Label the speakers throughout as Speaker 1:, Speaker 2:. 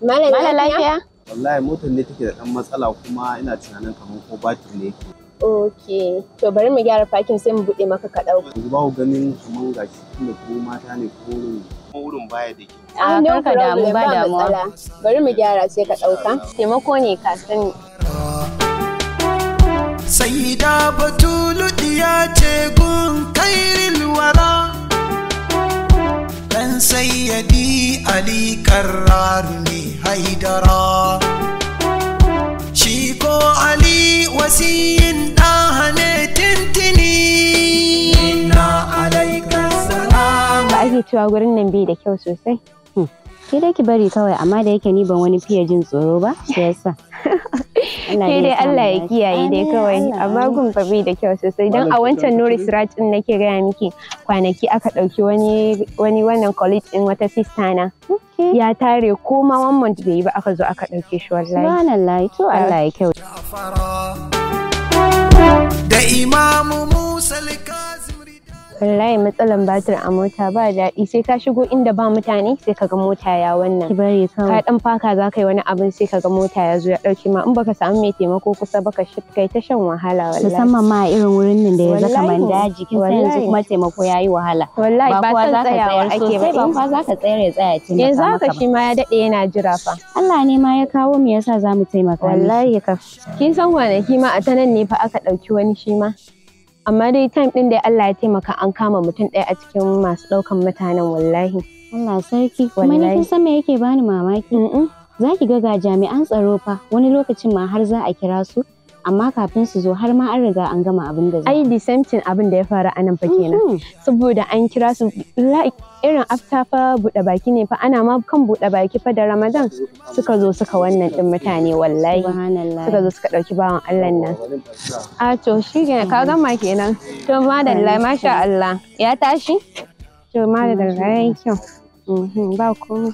Speaker 1: Malam lafiya?
Speaker 2: Wallahi motar ne take da ɗan matsala kuma ina tunanin kamar ko batir ne yake.
Speaker 1: Ok, to bari mu gyara fakin sai mu buɗe maka ka ɗauka.
Speaker 2: Ba ku ganin kamar gashi tunda ko mata ne ko wurin baya da ke. A ah, kanka damu ba damuwa.
Speaker 1: Bari mu gyara sai ka ɗauka. Taimako ne ka sani.
Speaker 2: Sai da ya ce gun kairin wara. dan sayyadi ali karrar haidara shi ko ali wasiyin ɗahane tintini na alaikar
Speaker 1: ake cewa gurin nan bai da kyau sosai hmm. ke da ki bari kawai amma da yake ni ban wani fiye jin tsoro ba shi yasa sai dai Allah ya kiyaye dai kawai amma gun ba bai da kyau sosai dan a wancan Nuri Siraj din nake gaya miki kwanaki aka dauki wani wani wannan college din wata sister na ya tare ko ma wannan da yi ba aka zo aka dauke shi wallahi subhanallah to Allah ya kyau
Speaker 3: da imamu
Speaker 1: wallahi matsalan batir a mota ba daɗi sai ka shigo inda ba mutane sai ka ga mota ya wannan ki bari ka dan faka za ka yi wani abin sai ka ga mota ya zo ya dauke ma in baka samu mai taimako kusa ba kai ta shan wahala wallahi musamman ma irin wurin nan da ya zaka man daji kin san yanzu kuma taimako yayi wahala wallahi ba san tsayawa ake ba ba kwa
Speaker 3: za ka tsayar ya tsaya ne za ka shi
Speaker 1: ma ya dade yana jira fa Allah ne ma ya kawo mu yasa za mu taimaka wallahi ka kin san kwanaki ma a ta nan ne fa aka dauki wani shi ma amma dai time ɗin da Allah ya taimaka an kama mutum ɗaya a cikin masu ɗaukan mutanen wallahi Allah sarki kuma ni kun san
Speaker 3: me yake bani mamaki za ki ga ga jami'an tsaro fa wani lokacin ma har za a kira su amma kafin su zo har ma an riga an gama
Speaker 1: abin da zai ai same thing abin da ya faru anan fa kenan mm-hmm. saboda an kira su irin afta fa buɗe baki ne fa ana ma kan buɗe baki fa da ramadan suka zo suka wannan din mutane wallahi suka zo suka ɗauki bawan allah nan a to shi kenan ka gama kenan to madalla masha allah ya tashi to madalla yayi kyau mm-hmm. Mm-hmm, ba komai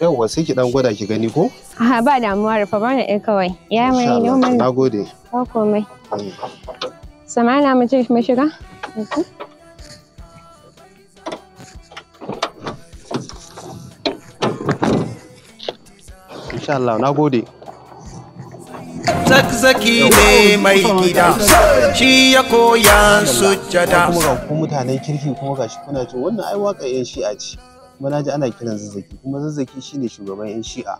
Speaker 2: yawwa sai ki dan gwada ki gani ko
Speaker 1: a ba damuwa rufa ba na kawai ya mai noma na gode ba komai samana mace ce mu shiga
Speaker 2: insha Allah na gode zakzaki ne mai gida shi ya koya sujjada kuma ga mutanen kirki kuma gashi kuna ce wannan ai waka shi a ci. kuma na ji ana kiran zazzaki kuma zazzaki shi ne shugaban 'yan shi'a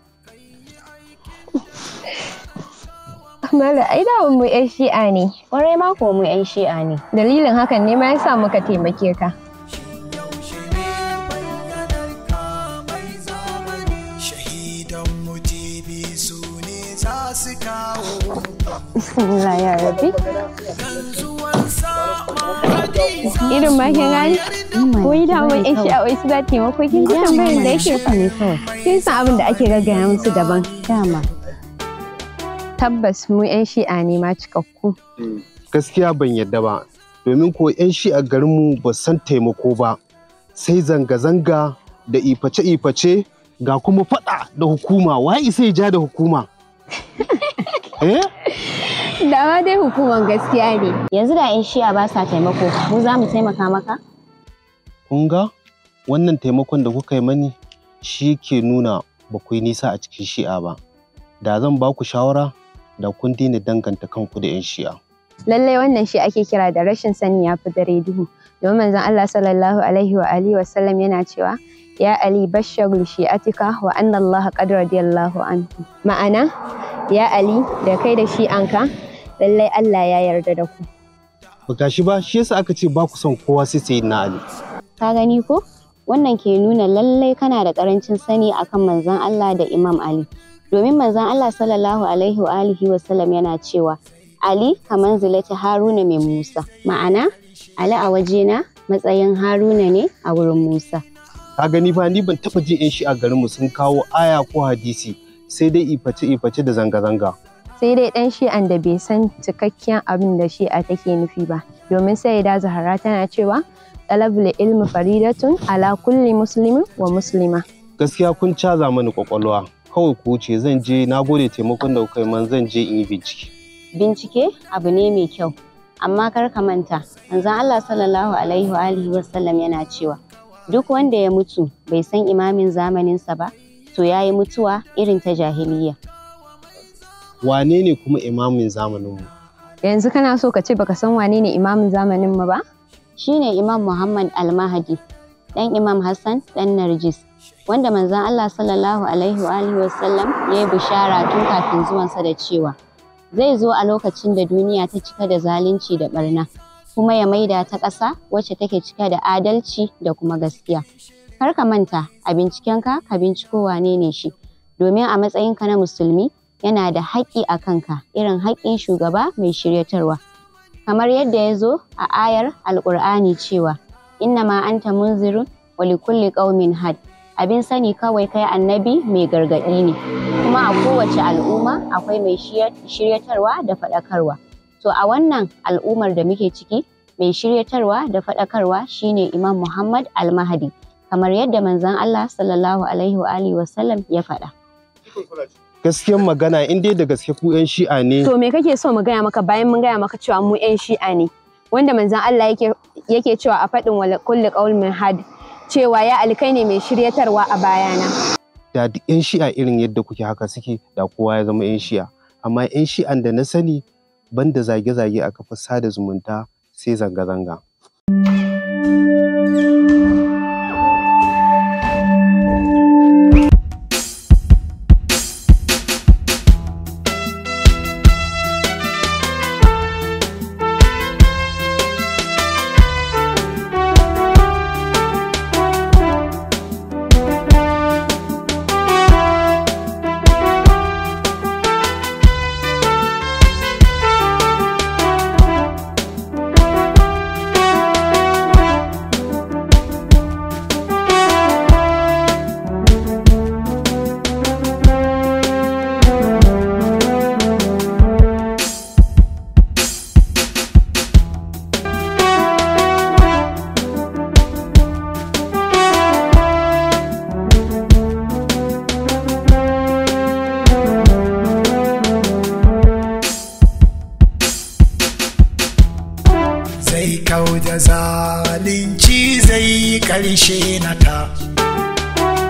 Speaker 1: Mala, ai da mu 'yan shi'a ne, ƙwarai mako mu 'yan shi'a ne. Dalilin hakan ne ma ya sa muka taimake ka.
Speaker 2: irin ma kin gani wai da wai
Speaker 1: su za ta yi kin ji tambayar da yake kin san abin da ake gaggaya musu daban dama tabbas mu yan shi'a ne ma cikakku
Speaker 2: mm. gaskiya ban yadda ba domin ko yan shi'a garinmu ba san taimako ba sai zanga-zanga da iface-iface ga kuma faɗa da hukuma wa isa ja da hukuma Eh?
Speaker 1: Dama dai hukumar gaskiya ne.
Speaker 3: Yanzu da 'yan shiya ba sa taimako, mu za mu taimaka maka?
Speaker 2: Kun ga wannan taimakon da kuka yi mani shi ke nuna ba nisa a cikin shi'a ba. Da zan ba ku shawara da kun daina danganta kanku da 'yan shi'a.
Speaker 1: Lallai wannan shi ake kira da rashin sani ya fi dare duhu. Domin manzon Allah sallallahu alaihi wa alihi wa sallam yana cewa ya Ali bashar atika wa anna Allah qad radiyallahu anhu ma'ana ya Ali da kai da shi anka lallai Allah ya yarda da ku
Speaker 2: ba shi ba shi yasa aka ce ba ku son kowa sai sayyidina Ali
Speaker 1: ka gani ko
Speaker 3: wannan ke nuna lallai kana da karancin sani akan manzon Allah da Imam Ali domin manzon Allah sallallahu alaihi wa alihi wa sallam yana cewa Ali kamar zulata Haruna mai Musa ma'ana Ali a wajena matsayin Haruna ne a wurin Musa
Speaker 2: ka gani fa ni ban taba jin yan shi a garinmu sun kawo aya ko hadisi sai dai iface iface da zanga-zanga
Speaker 1: sai dai dan shi'an da bai san cikakken abin da shi a take nufi ba domin sai da zahara tana cewa talabul ilmi faridatun ala kulli muslimin wa muslima
Speaker 2: gaskiya kun caza mani kwakwalwa kawai ku ce, zan je na gode taimakon da kuka man zan je in yi bincike
Speaker 1: bincike abu ne mai kyau
Speaker 3: amma kar ka manta manzon Allah sallallahu alaihi wa alihi yana cewa Duk wanda ya mutu bai san imamin zamaninsa ba, to ya yi mutuwa irin ta jahiliya.
Speaker 2: Wane ne kuma imamin zamaninmu?
Speaker 1: Yanzu kana so ka ce baka san wane ne imamin zamaninmu ba? Shi ne Imam Muhammad al Almahadi, ɗan Imam
Speaker 3: Hassan ɗan Narjis, wanda manzan Allah sallallahu Alaihi wa sallam ya yi bishara tun kafin zuwansa da cewa zai zo a lokacin da duniya ta cika da zalunci da ɓarna. kuma ya maida ta ƙasa wacce take cike da adalci da kuma gaskiya. Kar ka manta a bincikenka ka binciko wane ne shi, domin a matsayinka na musulmi yana da haƙƙi a kanka irin haƙƙin shugaba mai shiryatarwa. Kamar yadda ya zo a ayar Alƙur'ani cewa, Inna ma anta munzirun wa likulli qaumin had. Abin sani kawai kai annabi mai gargaɗi ne, kuma a kowace al'umma akwai mai shiryatarwa da faɗakarwa. to a wannan al'ummar da muke ciki mai shiryatarwa da faɗakarwa shine imam muhammad almahadi kamar yadda manzon allah sallallahu alaihi wa alihi sallam ya faɗa
Speaker 2: gaskiyar magana in dai da gaske ku yan shi'a ne to
Speaker 1: me kake so mu gaya maka bayan mun gaya maka cewa mu yan shi'a ne wanda manzon allah yake yake cewa a faɗin wala kulli qaul min cewa ya alkai ne mai shiryatarwa a bayana
Speaker 2: da ƴan shi'a irin yadda kuke haka suke da kowa ya zama 'yan shi'a amma 'yan shi'an da na sani banda zage-zage a kafar sada zumunta sai zanga-zanga.